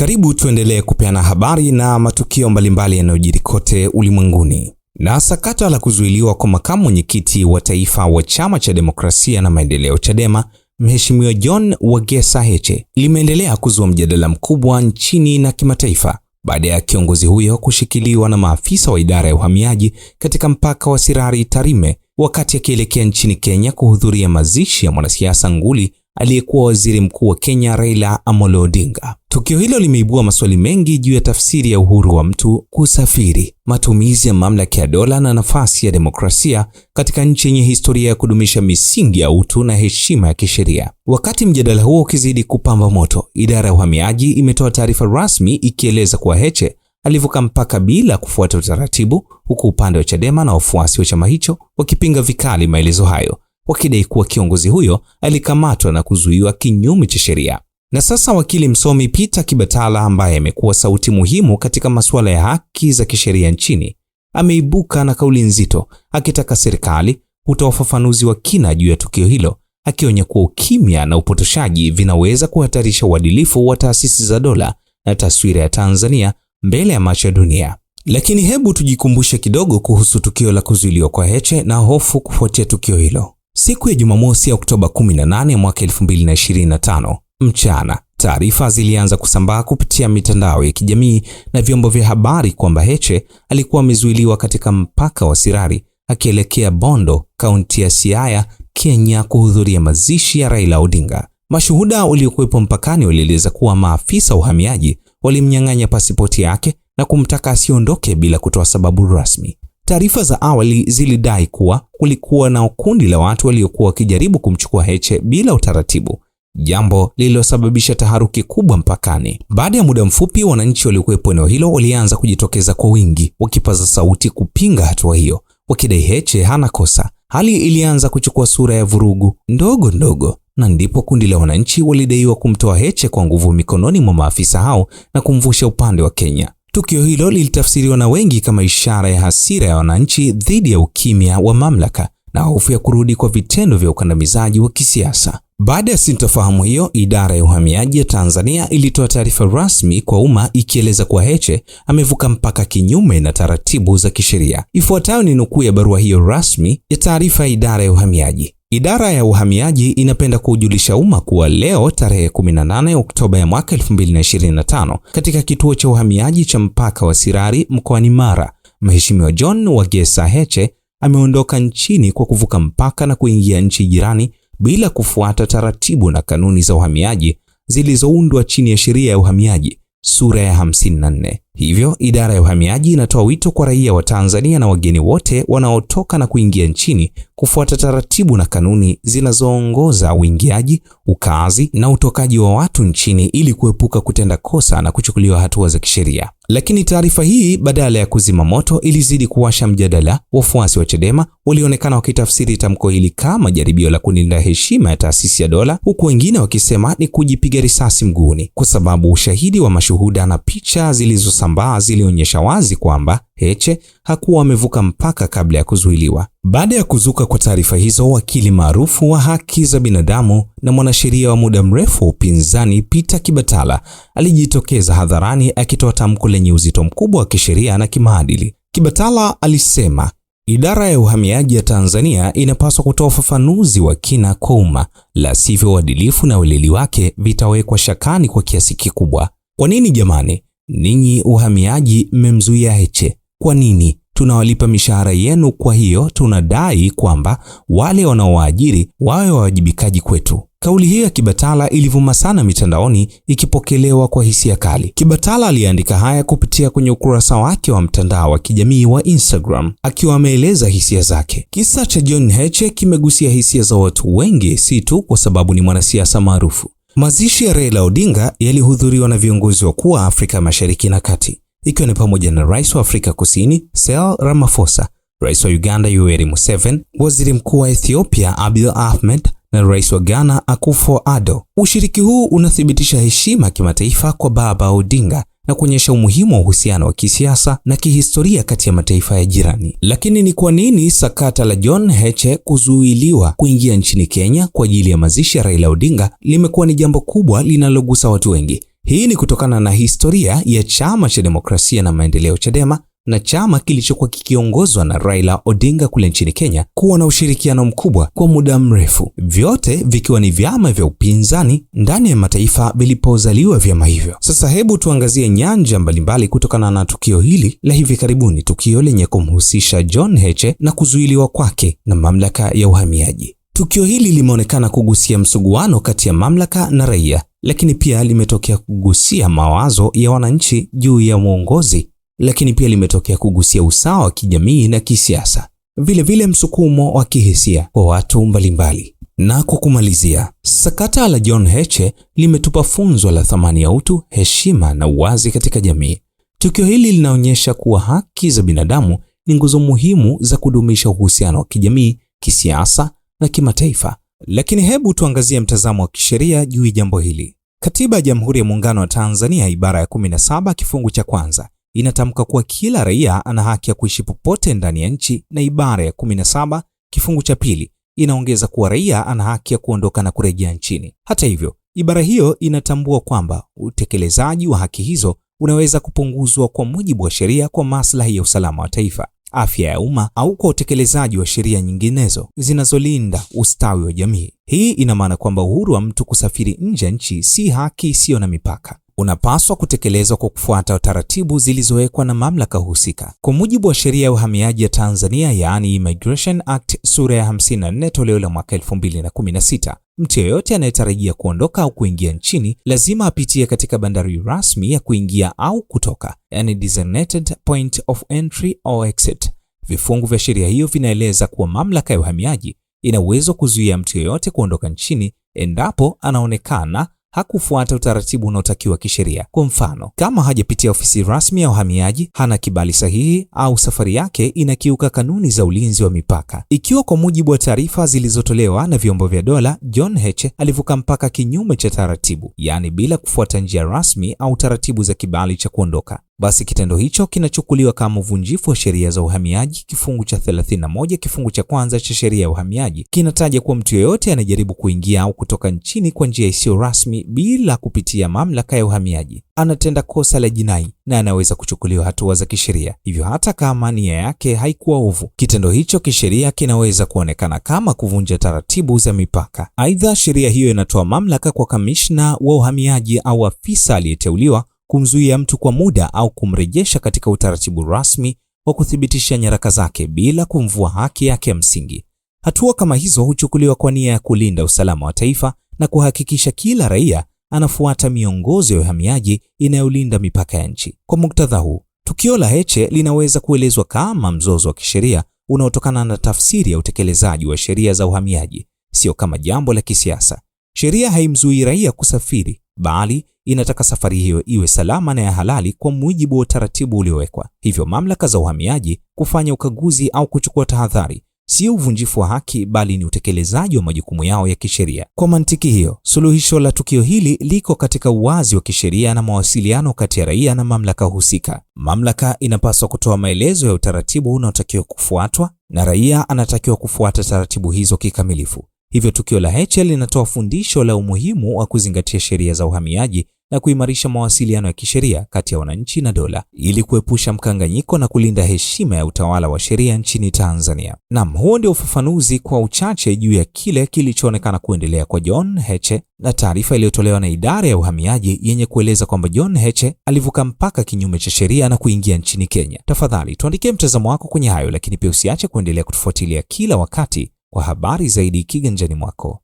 Karibu tuendelee kupeana habari na matukio mbalimbali yanayojiri kote ulimwenguni. Na sakata la kuzuiliwa kwa makamu mwenyekiti wa taifa wa chama cha demokrasia na maendeleo Chadema, Mheshimiwa John Wagesa Heche limeendelea kuzua mjadala mkubwa nchini na kimataifa baada ya kiongozi huyo kushikiliwa na maafisa wa idara ya uhamiaji katika mpaka wa Sirari Tarime wakati akielekea nchini Kenya kuhudhuria mazishi ya mwanasiasa nguli aliyekuwa waziri mkuu wa Kenya Raila Amolo Odinga. Tukio hilo limeibua maswali mengi juu ya tafsiri ya uhuru wa mtu kusafiri, matumizi ya mamlaka ya dola na nafasi ya demokrasia katika nchi yenye historia ya kudumisha misingi ya utu na heshima ya kisheria. Wakati mjadala huo ukizidi kupamba moto, idara ya uhamiaji imetoa taarifa rasmi ikieleza kuwa Heche alivuka mpaka bila kufuata utaratibu, huku upande wa Chadema na wafuasi wa chama hicho wakipinga vikali maelezo hayo wakidai kuwa kiongozi huyo alikamatwa na kuzuiwa kinyume cha sheria. Na sasa wakili msomi Peter Kibatala ambaye amekuwa sauti muhimu katika masuala ya haki za kisheria nchini ameibuka na kauli nzito akitaka serikali kutoa ufafanuzi wa kina juu ya tukio hilo, akionya kuwa ukimya na upotoshaji vinaweza kuhatarisha uadilifu wa taasisi za dola na taswira ya Tanzania mbele ya macho ya dunia. Lakini hebu tujikumbushe kidogo kuhusu tukio la kuzuiliwa kwa Heche na hofu kufuatia tukio hilo. Siku ya Jumamosi ya Oktoba 18 mwaka 2025 mchana, taarifa zilianza kusambaa kupitia mitandao ya kijamii na vyombo vya habari kwamba Heche alikuwa amezuiliwa katika mpaka wa Sirari akielekea Bondo, kaunti ya Siaya, Kenya kuhudhuria mazishi ya Raila Odinga. Mashuhuda waliokuwepo mpakani walieleza kuwa maafisa uhamiaji walimnyang'anya pasipoti yake na kumtaka asiondoke bila kutoa sababu rasmi. Taarifa za awali zilidai kuwa kulikuwa na kundi la watu waliokuwa wakijaribu kumchukua Heche bila utaratibu, jambo lililosababisha taharuki kubwa mpakani. Baada ya muda mfupi, wananchi waliokuwepo eneo hilo walianza kujitokeza kwa wingi, wakipaza sauti kupinga hatua hiyo, wakidai Heche hana kosa. Hali ilianza kuchukua sura ya vurugu ndogo ndogo, na ndipo kundi la wananchi walidaiwa kumtoa Heche kwa nguvu mikononi mwa maafisa hao na kumvusha upande wa Kenya. Tukio hilo lilitafsiriwa na wengi kama ishara ya hasira ya wananchi dhidi ya ukimya wa mamlaka na hofu ya kurudi kwa vitendo vya ukandamizaji wa kisiasa. Baada ya sintofahamu hiyo, idara ya uhamiaji ya Tanzania ilitoa taarifa rasmi kwa umma ikieleza kuwa Heche amevuka mpaka kinyume na taratibu za kisheria. Ifuatayo ni nukuu ya barua hiyo rasmi ya taarifa ya idara ya uhamiaji. Idara ya uhamiaji inapenda kuujulisha umma kuwa leo tarehe 18 Oktoba ya mwaka 2025 katika kituo cha uhamiaji cha mpaka wa Sirari mkoani Mara, Mheshimiwa John Wagesa Heche ameondoka nchini kwa kuvuka mpaka na kuingia nchi jirani bila kufuata taratibu na kanuni za uhamiaji zilizoundwa chini ya sheria ya uhamiaji sura ya 54. Hivyo idara ya uhamiaji inatoa wito kwa raia wa Tanzania na wageni wote wanaotoka na kuingia nchini kufuata taratibu na kanuni zinazoongoza uingiaji, ukaazi na utokaji wa watu nchini ili kuepuka kutenda kosa na kuchukuliwa hatua za kisheria. Lakini taarifa hii badala ya kuzima moto ilizidi kuwasha mjadala. Wafuasi wa Chadema walionekana wakitafsiri tamko hili kama jaribio la kulinda heshima ya taasisi ya dola, huku wengine wakisema ni kujipiga risasi mguuni, kwa sababu ushahidi wa mashuhuda na picha zilizo Kitambaa zilionyesha wazi kwamba Heche hakuwa amevuka mpaka kabla ya kuzuiliwa. Baada ya kuzuka kwa taarifa hizo, wakili maarufu wa haki za binadamu na mwanasheria wa muda mrefu wa upinzani Peter Kibatala alijitokeza hadharani akitoa tamko lenye uzito mkubwa wa kisheria na kimaadili. Kibatala alisema Idara ya uhamiaji ya Tanzania inapaswa kutoa ufafanuzi wa kina kwa umma, la sivyo uadilifu na weledi wake vitawekwa shakani kwa kiasi kikubwa. Kwa nini jamani? Ninyi uhamiaji mmemzuia Heche. Kwa nini? Tunawalipa mishahara yenu, kwa hiyo tunadai kwamba wale wanaowaajiri wawe wawajibikaji kwetu. Kauli hiyo ya Kibatala ilivuma sana mitandaoni ikipokelewa kwa hisia kali. Kibatala aliandika haya kupitia kwenye ukurasa wake wa mtandao wa kijamii wa Instagram akiwa ameeleza hisia zake. Kisa cha John Heche kimegusia hisia za watu wengi, si tu kwa sababu ni mwanasiasa maarufu, Mazishi ya Raila Odinga yalihudhuriwa na viongozi wakuu wa Afrika Mashariki na Kati, ikiwa ni pamoja na Rais wa Afrika Kusini Cyril Ramaphosa, Rais wa Uganda Yoweri Museveni, Waziri Mkuu wa Ethiopia Abiy Ahmed na Rais wa Ghana Akufo-Addo. Ushiriki huu unathibitisha heshima kimataifa kwa Baba Odinga na kuonyesha umuhimu wa uhusiano wa kisiasa na kihistoria kati ya mataifa ya jirani. Lakini ni kwa nini sakata la John Heche kuzuiliwa kuingia nchini Kenya kwa ajili ya mazishi ya Raila Odinga limekuwa ni jambo kubwa linalogusa watu wengi? Hii ni kutokana na historia ya chama cha demokrasia na maendeleo, Chadema na chama kilichokuwa kikiongozwa na Raila Odinga kule nchini Kenya kuwa na ushirikiano mkubwa kwa muda mrefu, vyote vikiwa ni vyama vya upinzani ndani ya mataifa vilipozaliwa vyama hivyo. Sasa hebu tuangazie nyanja mbalimbali kutokana na tukio hili la hivi karibuni, tukio lenye kumhusisha John Heche na kuzuiliwa kwake na mamlaka ya uhamiaji. Tukio hili limeonekana kugusia msuguano kati ya mamlaka na raia, lakini pia limetokea kugusia mawazo ya wananchi juu ya uongozi lakini pia limetokea kugusia usawa wa kijamii na kisiasa, vilevile msukumo wa kihisia kwa watu mbalimbali. Na kwa kumalizia, sakata la John Heche limetupa funzo la thamani ya utu, heshima na uwazi katika jamii. Tukio hili linaonyesha kuwa haki za binadamu ni nguzo muhimu za kudumisha uhusiano wa kijamii, kisiasa na kimataifa. Lakini hebu tuangazie mtazamo wa kisheria juu ya jambo hili. Katiba ya Jamhuri ya Muungano wa Tanzania, ibara ya 17 kifungu cha kwanza inatamka kuwa kila raia ana haki ya kuishi popote ndani ya nchi, na ibara ya 17 kifungu cha pili inaongeza kuwa raia ana haki ya kuondoka na kurejea nchini. Hata hivyo, ibara hiyo inatambua kwamba utekelezaji wa haki hizo unaweza kupunguzwa kwa mujibu wa sheria kwa maslahi ya usalama wa taifa, afya ya umma au kwa utekelezaji wa sheria nyinginezo zinazolinda ustawi wa jamii. Hii ina maana kwamba uhuru wa mtu kusafiri nje ya nchi si haki isiyo na mipaka unapaswa kutekelezwa kwa kufuata taratibu zilizowekwa na mamlaka husika. Kwa mujibu wa sheria ya uhamiaji ya Tanzania, yaani Immigration Act sura ya 54 toleo la mwaka 2016, mtu yeyote anayetarajia kuondoka au kuingia nchini lazima apitie katika bandari rasmi ya kuingia au kutoka, yani designated point of entry or exit. Vifungu vya sheria hiyo vinaeleza kuwa mamlaka ya uhamiaji ina uwezo kuzuia mtu yeyote kuondoka nchini endapo anaonekana hakufuata utaratibu unaotakiwa kisheria. Kwa mfano, kama hajapitia ofisi rasmi ya uhamiaji, hana kibali sahihi, au safari yake inakiuka kanuni za ulinzi wa mipaka. Ikiwa kwa mujibu wa taarifa zilizotolewa na vyombo vya dola, John Heche alivuka mpaka kinyume cha taratibu, yaani bila kufuata njia rasmi au taratibu za kibali cha kuondoka basi kitendo hicho kinachukuliwa kama uvunjifu wa sheria za uhamiaji. Kifungu cha 31 kifungu cha kwanza cha sheria ya uhamiaji kinataja kuwa mtu yeyote anajaribu kuingia au kutoka nchini kwa njia isiyo rasmi bila kupitia mamlaka ya uhamiaji anatenda kosa la jinai na anaweza kuchukuliwa hatua za kisheria. Hivyo hata kama nia yake haikuwa ovu, kitendo hicho kisheria kinaweza kuonekana kama kuvunja taratibu za mipaka. Aidha, sheria hiyo inatoa mamlaka kwa kamishna wa uhamiaji au afisa aliyeteuliwa kumzuia mtu kwa muda au kumrejesha katika utaratibu rasmi wa kuthibitisha nyaraka zake bila kumvua haki yake ya msingi. Hatua kama hizo huchukuliwa kwa nia ya kulinda usalama wa taifa na kuhakikisha kila raia anafuata miongozo ya uhamiaji inayolinda mipaka ya nchi. Kwa muktadha huu, tukio la Heche linaweza kuelezwa kama mzozo wa kisheria unaotokana na tafsiri ya utekelezaji wa sheria za uhamiaji, sio kama jambo la kisiasa. Sheria haimzuii raia kusafiri, bali inataka safari hiyo iwe salama na ya halali kwa mujibu wa utaratibu uliowekwa. Hivyo mamlaka za uhamiaji kufanya ukaguzi au kuchukua tahadhari sio uvunjifu wa haki, bali ni utekelezaji wa majukumu yao ya kisheria. Kwa mantiki hiyo, suluhisho la tukio hili liko katika uwazi wa kisheria na mawasiliano kati ya raia na mamlaka husika. Mamlaka inapaswa kutoa maelezo ya utaratibu unaotakiwa kufuatwa na raia anatakiwa kufuata taratibu hizo kikamilifu. Hivyo tukio la Heche linatoa fundisho la umuhimu wa kuzingatia sheria za uhamiaji na kuimarisha mawasiliano ya kisheria kati ya wananchi na dola ili kuepusha mkanganyiko na kulinda heshima ya utawala wa sheria nchini Tanzania. Naam, huo ndio ufafanuzi kwa uchache juu ya kile kilichoonekana kuendelea kwa John Heche na taarifa iliyotolewa na idara ya uhamiaji yenye kueleza kwamba John Heche alivuka mpaka kinyume cha sheria na kuingia nchini Kenya. Tafadhali tuandikie mtazamo wako kwenye hayo, lakini pia usiache kuendelea kutufuatilia kila wakati kwa habari zaidi kiganjani mwako.